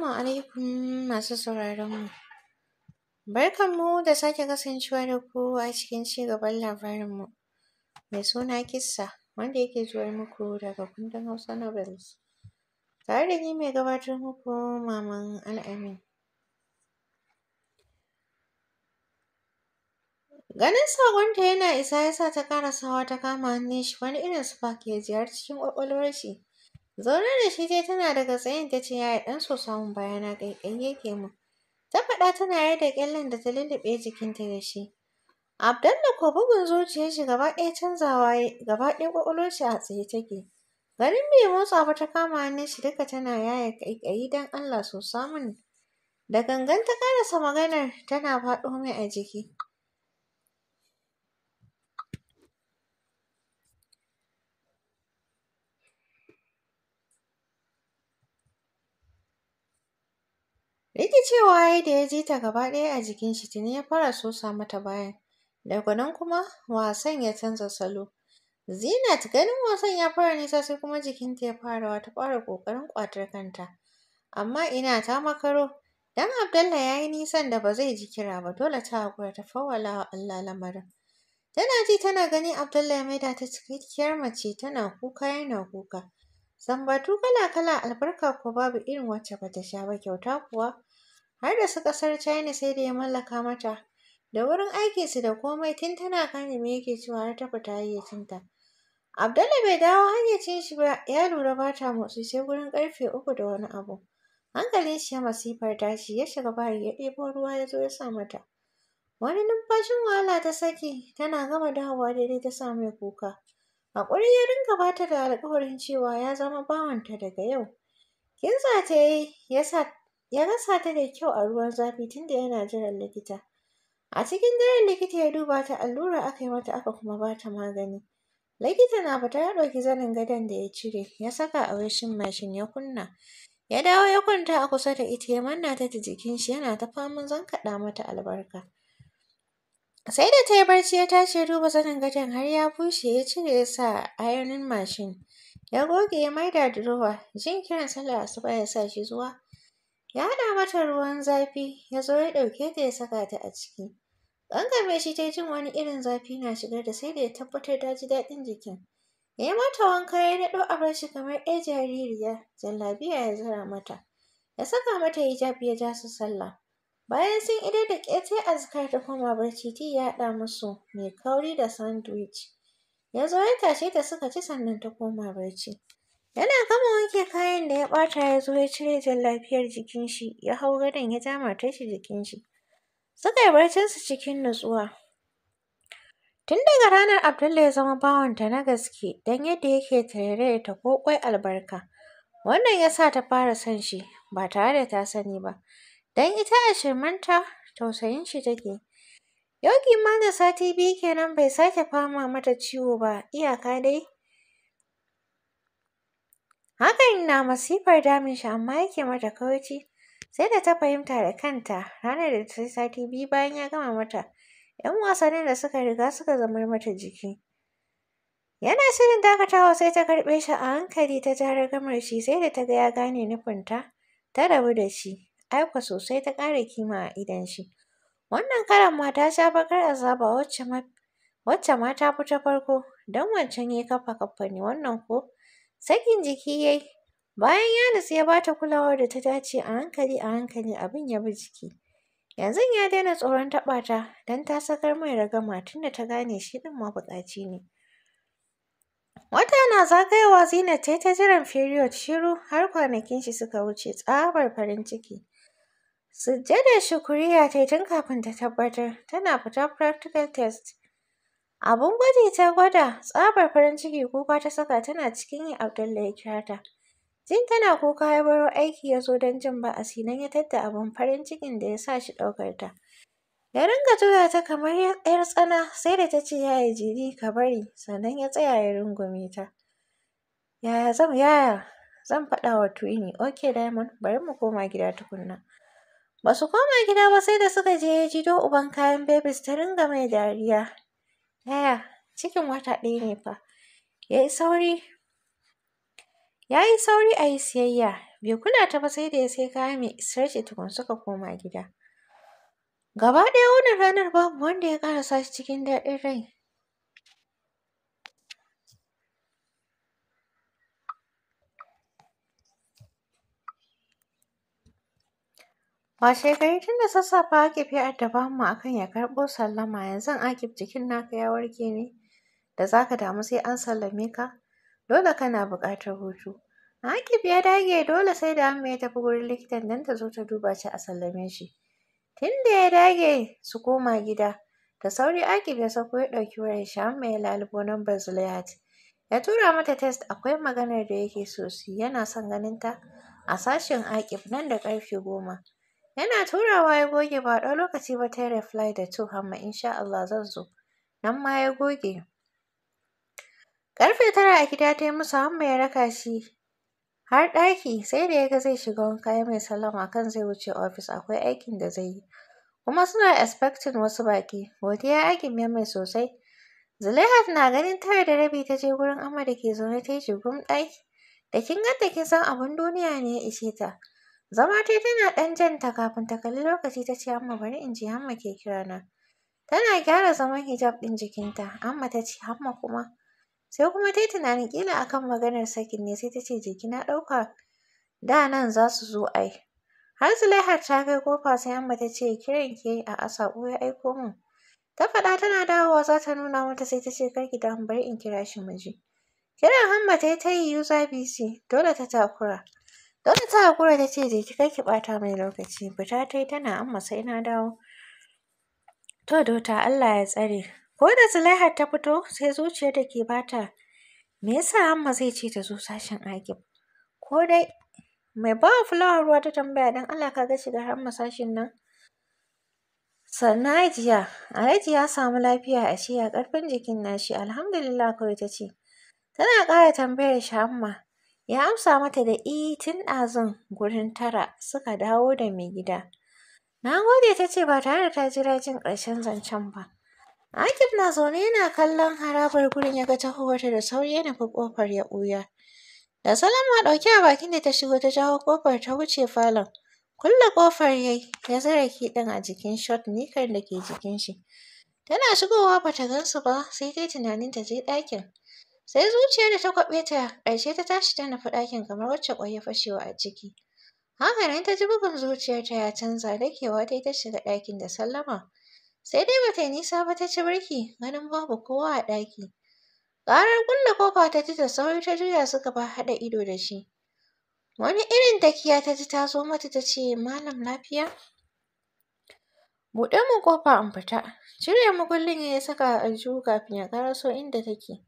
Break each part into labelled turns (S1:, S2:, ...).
S1: Assalamu alaikum masu sauraron mu. Barkan mu da sake kasancewa da ku a cikin cigaban labarin mu mai suna kissa wanda yake zuwa muku daga kundin Hausa Novels. Tare da ni mai gabatar muku Maman Al'amin. Ganin ta yana isa yasa ta ta ƙarasawa ta kama hannun shi wani irin spark ya ziyarci cikin ƙwaƙwalwar shi. Zaune da shi dai tana daga tsayen ta ce yaya ɗan so samun bayana ƙaiƙayi yake min. Ta faɗa tana yarda ƙyallen da ta lulluɓe jikinta da shi. Abdullahi, ko bugun zuciyar shi gaba ɗaya canzawa ya gaba ɗaya ƙwaƙwalwar shi a tsaye take. Garin bai motsa ba ta kama hannun shi duka tana yaye ƙaiƙayi don Allah so samun. Da gangan ta ƙarasa maganar tana faɗo mai a jiki. cewa ya da ya ji ta gaba ɗaya a jikin shi tuni ya fara sosa mata bayan. Daga nan kuma wasan ya canza salo. Zinat ganin wasan ya fara nisa sai kuma jikinta ya farawa ta fara ƙoƙarin ƙwatar kanta. Amma ina ta makaro. Dan Abdallah ya yi nisan da ba zai ji kira ba dole ta haƙura ta fawwala wa Allah lamarin. Tana ji tana gani Abdallah ya maida ta cikakkiyar mace tana kuka yana kuka. Sambatu kala-kala albarka ko babu irin wacce bata sha ba kyauta kuwa har da su ƙasar China sai da ya mallaka mata. Da wurin aikinsu da komai tun tana kane me yake cewa har ta fita hayyacinta. Abdallah bai dawo hayyacin shi ba ya lura ba ta motsi sai gurin ƙarfe uku da wani abu. Hankalin shi ya masifar tashi ya shiga bari ya ɗebo ruwa ya zo ya sa mata. Wani numfashin wahala ta saki tana gama dawowa daidai ta sa mai kuka. Haƙuri ya rinka ba ta da alƙawarin cewa ya zama bawanta daga yau. Kintsa ta yi ya sa Ya rasa ta da kyau a ruwan zafi tunda yana jiran likita. A cikin daren likita ya duba ta allura aka yi mata aka kuma ba ta magani. Likita na fita ya ɗauki zanin gadon da ya cire ya saka a washin mashin ya kunna. Ya dawo ya kwanta a kusa da ita ya manna ta ta jikin shi yana ta faman kaɗa mata albarka. Sai da ta yi barci ya tashi ya duba zanin gadon har ya bushe ya cire ya sa a ayanin mashin. Ya goge ya maida durowa jin kiran sallar asuba ya sa shi zuwa ya haɗa mata ruwan zafi ya zo ya ɗauke ta ya saka ta a ciki ƙanƙame shi ta jin wani irin zafi na shigar da sai da ya tabbatar da ji daɗin jikin ya yi mata wanka ya naɗo a bar shi kamar ɗaya jaririya jallabiya ya zura mata ya saka mata hijab ya ja su sallah bayan sun idar da ƙetare azkar ta koma barci ti ya haɗa musu mai kauri da sandwich ya zo ya tashe ta suka ci sannan ta koma barci yana gama wanke kayan da ya ɓata ya zo ya cire jan lafiyar jikin shi ya hau gadon ya ja ta shi jikin shi. Suka yi barcinsu cikin nutsuwa. Tun daga ranar Abdullahi ya zama bawanta na gaske don yadda yake da ta ko kwai albarka. Wannan ya sa ta fara son shi ba tare da ta sani ba. Don ita a shirmanta tausayin shi take. Yau kimanin sati biyu kenan bai sake fama mata ciwo ba iyaka dai Abin na masifar damin shi amma yake mata kauci Sai da ta fahimta da kanta ranar da ta sati biyu bayan ya gama mata ‘yan wasannin da suka riga suka zama mata jiki. Yana shirin dakatawa sai ta karɓe shi a hankali ta ja ragamar shi sai da ta ga ya gane nufinta ta rabu da shi. Aiko sosai ta ƙara kima a idan shi. Wannan karan ma ta sha baƙar azaba wacce ma wacce ma ta fi ta farko don wancan ya kafa kafa ne wannan ko sakin jiki yayi Bayan Yanis ya bata kulawar da ta dace a hankali a hankali abin ya bi jiki. Yanzu ya daina tsoron taɓa ta don ta sakar mai ragama tunda ta gane shi ɗin mabuƙaci ne. Wata na zagaya Zinat ta ta jiran period shiru har kwanakin shi suka wuce tsabar farin ciki. Sujjadar shukuriya ta yi tun kafin ta tabbatar tana fita practical test. Abun gwaji ta gwada tsabar farin ciki kuka ta saka tana cikin yi Abdullahi ya Jin tana kuka ya baro aiki ya zo don jin ba'asi don ya tadda abin farin cikin da ya sa shi ɗaukar ta. Ya ringa tura ta kamar ‘yar tsana sai da ta ce ya yaya jiri ka bari sannan ya tsaya ya rungume ta. Yaya zan yaya zan faɗa wa Twini ok Diamond bari mu koma gida tukunna. Ba su koma gida ba sai da suka je ya jido uban kayan babies ta ringa mai dariya. Yaya cikin wata ɗaya ne fa. Ya yi sauri Ya yi sauri a yi siyayya, bai kula ta ba sai da ya sai kaya mai isar shi tukun suka koma gida. Gaba ɗaya wannan ranar babu wanda ya sa shi cikin daɗin rai. ba shekaru tun da sassafe Akif ya ba mu akan ya karɓo sallama yanzu Akif jikin naka ya warke ne da za ka damu sai an sallame ka? dole kana buƙatar hutu. A Akif ya dage dole sai da Amma ya tafi wurin likitan don ta zo ta duba shi a sallame shi. Tun da ya dage su koma gida, da sauri Akif ya sauko ya ɗauki wayar shi Amma ya lalubo lambar Zulaihat. Ya tura mata test akwai maganar da yake so su yana son ganin ta a sashen Akif nan da ƙarfe goma. Yana turawa ya goge ba ɗau lokaci ba ta yi reply da to Hamma insha Allah zan zo. Nan ma ya goge. Ƙarfe tara a gida ta yi musu hamma ya raka shi har ɗaki sai da ya ga zai shiga wanka ya mai salama kan zai wuce ofis akwai aikin da zai yi. Kuma suna expecting wasu baƙi. Godiya aikin ya mai sosai. Zulaihat na ganin tara da rabi ta je gurin Amma da ke zaune ta yi shigum ɗaki. Da kin ganta kin san abin duniya ne ya ishe ta. Zama tai tana ɗan janta kafin ta kalli lokaci ta ce Amma bari in ji hamma ke kira na. Tana gyara zaman hijab ɗin jikinta. Amma ta ce Amma kuma Sai kuma ta yi tunanin ƙila akan maganar sakin ne sai ta ce jiki na ɗauka da nan za su zo ai. Har Zulaiha ta kai kofa sai Amma ta ce kiran ke a saƙo ya aiko min. Ta faɗa tana dawowa za ta nuna mata sai ta ce kar ki damu bari in kira shi mu ji. Kiran Hamma ta yi ta yi yuza bisi dole ta takura. Dole ta hakura ta ce je ki kar ɓata mai lokaci. Fita ta yi tana Amma sai na dawo. To dota Allah ya tsare. Ko da Zulaihat ta fito sai zuciyar da ke bata me yasa Amma zai ce ta zo sashen Agib? Ko dai mai ba fulawa ruwa ta tambaya don Allah ka ga shiga Amma nan? Sannan Hajiya, Alhaji ya samu lafiya a ce ya ƙarfin jikin nashi alhamdulillah kawai ta ce. Tana kara tambayar shi Amma ya amsa mata da i tun ɗazun gurin tara suka dawo da mai gida. Na gode ta ce ba tare da ta jira jin ƙarshen zancen ba. Akif na zaune yana kallon harabar gurin ya ga tahowarta da sauri ya nufi ƙofar ya ɓuya. Da Salama ɗauke a bakin da ta shigo ta jawo ƙofar ta wuce falon. Kulle ƙofar ya yi ya zare a jikin shot nikar da ke jikin shi. Tana shigowa ba ta gansu ba sai dai tunanin ta je ɗakin. Sai zuciyar da ta kwaɓe ta ƙarshe ta tashi ta nufi ɗakin kamar wacce ƙwai ya fashewa a ciki. Haka ta ji bugun zuciyarta ya canza dakewa dai ta shiga ɗakin da Sallama. Sai dai bata yi nisa ba ta ci birki ganin babu kowa a ɗaki. Ƙarar kulle ƙofa ta ji da sauri ta juya suka ba haɗa ido da shi. Wani irin dakiya ta ji ta zo mata ta ce malam lafiya? Buɗe min ƙofa in fita. Cire makullin ya saka a aljihu kafin ya ƙaraso inda take.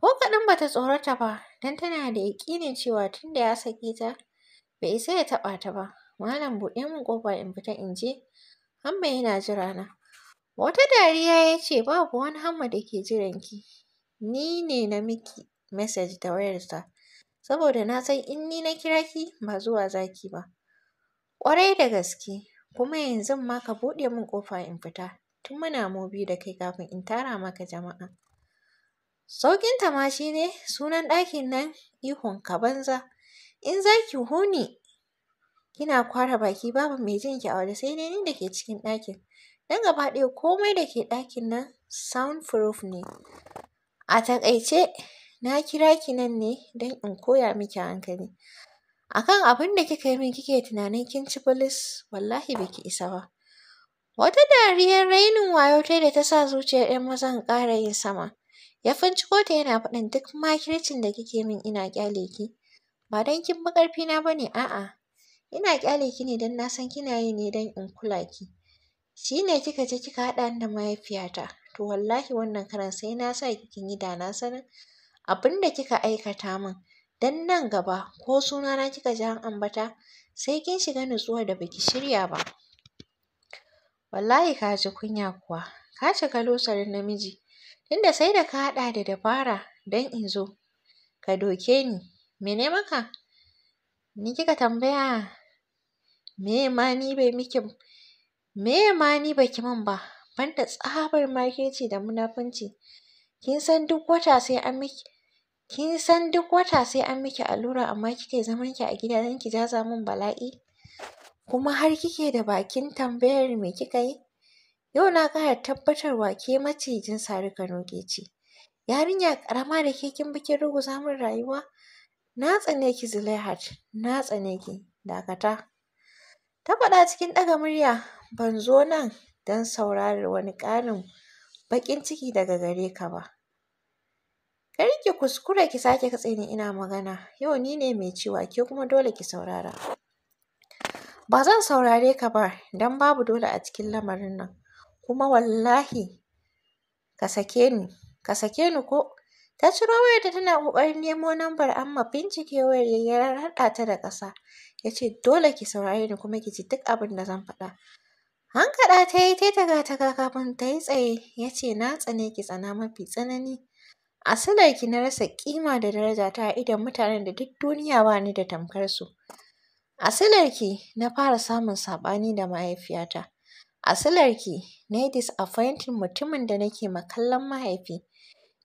S1: Ko kaɗan bata tsorata ba don tana da yaƙinin cewa tunda ya sake ta bai isa ya taɓa ta ba. Malam buɗe mun ƙofa in fita in je. Hamma yana jira na. Wata dariya ya ce, Babu wani Hamma da ke jiranki, ni ne na miki mesej ta wayarsa, saboda na san in ni na kira ki ba zuwa zaki ba. Ƙwarai da gaske, kuma yanzu ma ka buɗe min ƙofa in fita, tun muna mobi da kai kafin in tara maka jama'a. Saukin ma shi ne sunan ɗakin nan ihun ka banza, in za ki huni kina kwara baki babu mai jin ki a sai dai ni da ke cikin ɗakin. don gaba ɗaya komai da ke ɗakin nan soundproof ne. A taƙaice na kira ki nan ne don in koya miki hankali. A kan abin da kika yi min kike tunanin kin ci bilis wallahi ki isa ba. Wata dariyar rainin wayo ta da ta sa zuciyar 'yan mazan ƙara yin sama. Ya ko ta yana faɗin duk makircin da kike min ina ƙyale ki. Ba don kin bi ƙarfina ba ne a'a. Ina ƙyale ki ne don na san kina yi ne don in kula ki. shi ne kika je kika haɗa ni da mahaifiyata to wallahi wannan karan sai na sa kin yi da na sanin abin da kika aikata min dan nan gaba ko suna na kika ji an ambata sai kin shiga nutsuwa da baki shirya ba wallahi ka ji kunya kuwa ka shiga losarin namiji tunda sai da ka haɗa da dabara dan in zo ka doke ni mene maka ni kika tambaya me ma ni bai miki Me ma ni baki min ba, banda tsabar makirci da munafunci. Kin san duk wata sai an miki kin san duk wata sai an miki allura amma kike zaman ki a gida don ki jaza min bala'i. Kuma har kike da bakin tambayar me kika yi? Yau na ƙara tabbatarwa ke macijin Sari Kanoge ce. Yarinya ƙarama da ke kin bikin ruguza min rayuwa. Na tsane ki Zulaihat, na tsane ki, dakata. Ta faɗa cikin ɗaga murya, ban zo nan don saurarar wani ƙarin baƙin ciki daga gare ka ba. Kar kuskure ki sake katse ni ina magana, yau ni ne mai cewa ke kuma dole ki saurara. Ba zan saurare ka ba don babu dole a cikin lamarin nan, kuma wallahi ka sake ni, ka sake ni ko. Ta ciro da tana ƙoƙarin nemo lambar amma bincike wayar ya raɗa ta da ƙasa. Ya ce dole ki saurare ni kuma ki ji duk abin da zan faɗa. Hankaɗa ta yi ta taga kafin ta yi tsaye ya ce na tsane ki tsana mafi tsanani. ki na rasa ƙima da daraja ta idon mutanen da duk duniya ba ni da tamkarsu. silarki na fara samun saɓani da mahaifiyata. A ki na yi disappointing mutumin da nake ma kallon mahaifi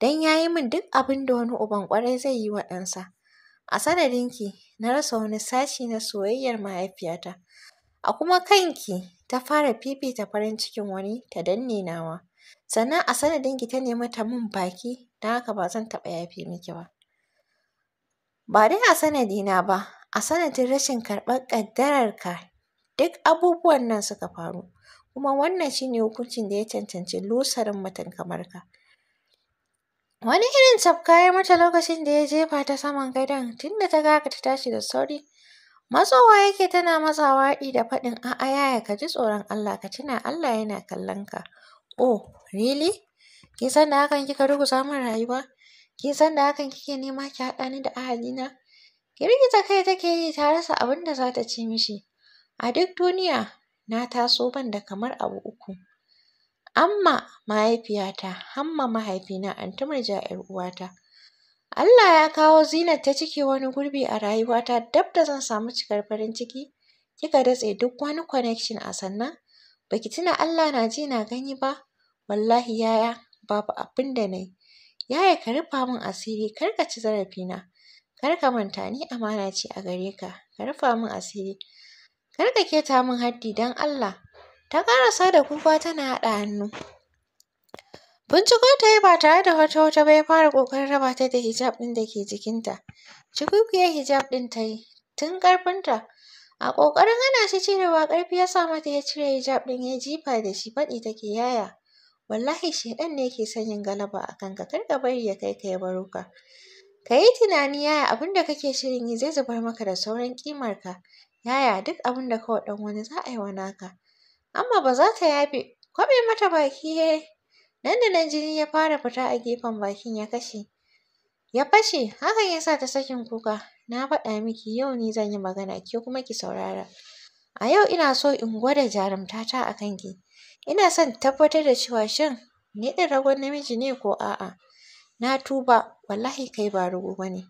S1: don ya yi min duk abin da wani uban ƙwarai zai yi wa ɗansa. A sanadinki na rasa wani sashi na soyayyar mahaifiyata. A kuma kanki ta fara fifita farin cikin wani ta danne nawa. Sannan a sanadin ki ta nemi ta min baki don haka ba zan taɓa yafe miki ba. Ba dai a sanadina ba, a sanadin rashin karɓar ƙaddarar ka, duk abubuwan nan suka faru. Kuma wannan shi ne hukuncin da ya cancanci lusarin mutum kamar ka. Wani irin tafka ya mata lokacin da ya jefa ta saman gadon tunda ta ga ta tashi da sauri Matsowa yake tana masa waɗi da faɗin a'a yaya ka ji tsoron Allah ka tuna Allah yana kallon ka. Oh really? Kin san da hakan kika ruguza min rayuwa? Kin san da hakan kike nema ki haɗa ni da ahalina? Girgiza kai take yi ta rasa abin da za ta ci mishi. A duk duniya na taso ban da kamar abu uku. Amma mahaifiyata, Hamma mahaifina, Anti Murja ‘yar uwata. Allah ya kawo zinar ta ciki wani gurbi a rayuwata dab da zan samu cikar farin ciki kika datse duk wani connection a sannan baki tuna Allah na ji na gani ba wallahi yaya babu abin da nayi yaya ka rufa min asiri kar ka ci zarafina kar ka manta ni amana ce a gare ka ka rufa min asiri kar ka keta min haddi don Allah ta ƙarasa da kuka tana haɗa hannu Binciko ta yi ba tare da wata-wata ba ya fara ƙoƙarin raba ta da hijab ɗin da ke jikinta. Cikuikuwar hijab ɗin ta yi tun ƙarfinta. A ƙoƙarin hana shi cirewa ƙarfi ya sa mata ya cire hijab ɗin ya jifa da shi faɗi take yaya. Wallahi shaiɗan ne yake son yin galaba a kanka kar ka bari ya kai ka ya baro ka. Ka yi tunani yaya abin da kake shirin yi zai zubar maka da sauran ƙimarka. Yaya duk abin da ka wa ɗan wani za a yi wa naka. Amma ba za ta yafe. Kwaɓe mata baki Nan da nan jini ya fara fita a gefen bakin ya kashe. Ya fashe, hakan ya sa ta sakin kuka. Na faɗa miki yau ne zan yi magana ke kuma ki saurara. A yau ina so in gwada jarumta ta a kanki. Ina son tabbatar da cewa shin ni ɗin ragon namiji ne ko a'a. Na tuba, wallahi kai ba rago ba ne.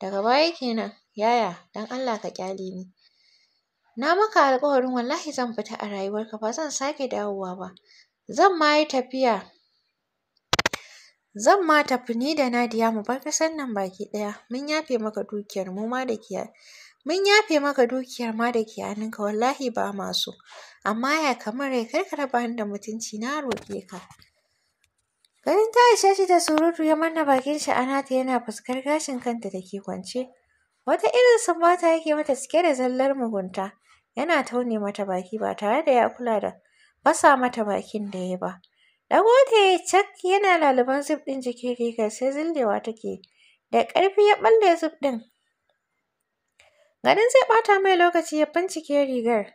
S1: Daga baya kenan, yaya, don Allah ka ƙyale ni. Na maka alƙawarin wallahi zan fita a rayuwarka ba zan sake dawowa ba. Zan ma yi tafiya Zan ma tafi ni da Nadiya mu bar ƙasar nan baki ɗaya. Mun yafe maka dukiyar mu ma da ke Mun yafe maka dukiyar ma da wallahi ba ma so. Amma ya kamar rai kar ka raba ni da mutunci na roƙe ka. Garin ta ishe shi da surutu ya manna bakin shi a nata yana fuskar gashin kanta da ke kwance. Wata irin sumbata yake mata cike da zallar mugunta. Yana taune mata baki ba tare da ya kula da fasa mata bakin da ya ba. Dagote cak yana laliban zip ɗin jiki rigar sai zillewa take. Da ƙarfi ya ɓalle zip ɗin. Ganin zai ɓata mai lokaci ya bincike rigar.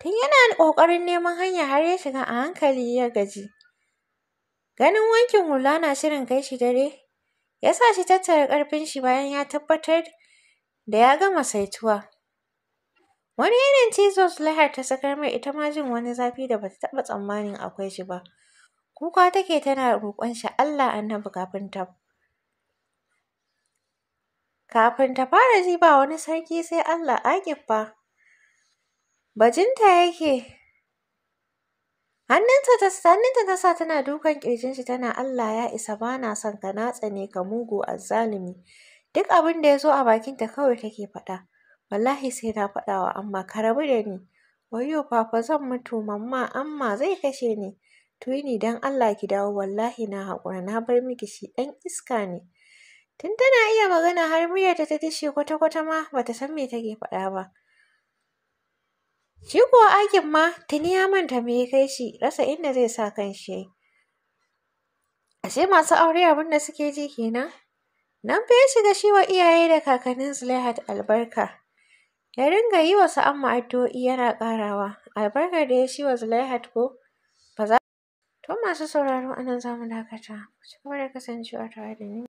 S1: Tun yana ƙoƙarin neman hanya har ya shiga a hankali ya gaji. Ganin wankin hula na shirin kai shi dare, ya sa shi tattara ƙarfin shi bayan ya tabbatar da ya gama saituwa. Wani irin cizo Zulaihat ta sakar mai ita ma jin wani zafi da bata taɓa tsammanin akwai shi ba. Kuka take tana roƙon shi Allah annabi kafin ta Kafin ta fara ji ba wani sarki sai Allah Agif fa. Bajinta yake. Hannunta ta hannunta ta sa tana dukan ƙirjin shi tana Allah ya isa bana son ka na ne ka mugu azzalumi. Duk abin da ya zo a bakinta kawai take faɗa. Wallahi sai na faɗa wa amma ka rabu da ni. Wayyo fafa zan mutu mamma amma zai kashe ni. Tuni dan Allah ki dawo wallahi na haƙura na bar miki shi ɗan iska ne. Tun tana iya magana har muryarta ta dishe kwata-kwata ma bata san me take faɗa ba. Shi kuwa Akin ma tuni ya manta me ya kai shi rasa inda zai sa kan shi. Ashe masu aure abin da suke ji kenan? Nan fa ya shiga shi wa iyaye da kakannin Zulaihat albarka. Ya ringa yi wa Sa'amma addu'o'i yana ƙarawa, albarkar da ya shi wa Zulaihat ko ba za To masu sauraro anan zamu mu dakata. Ku ci gaba da kasancewa tare da ni.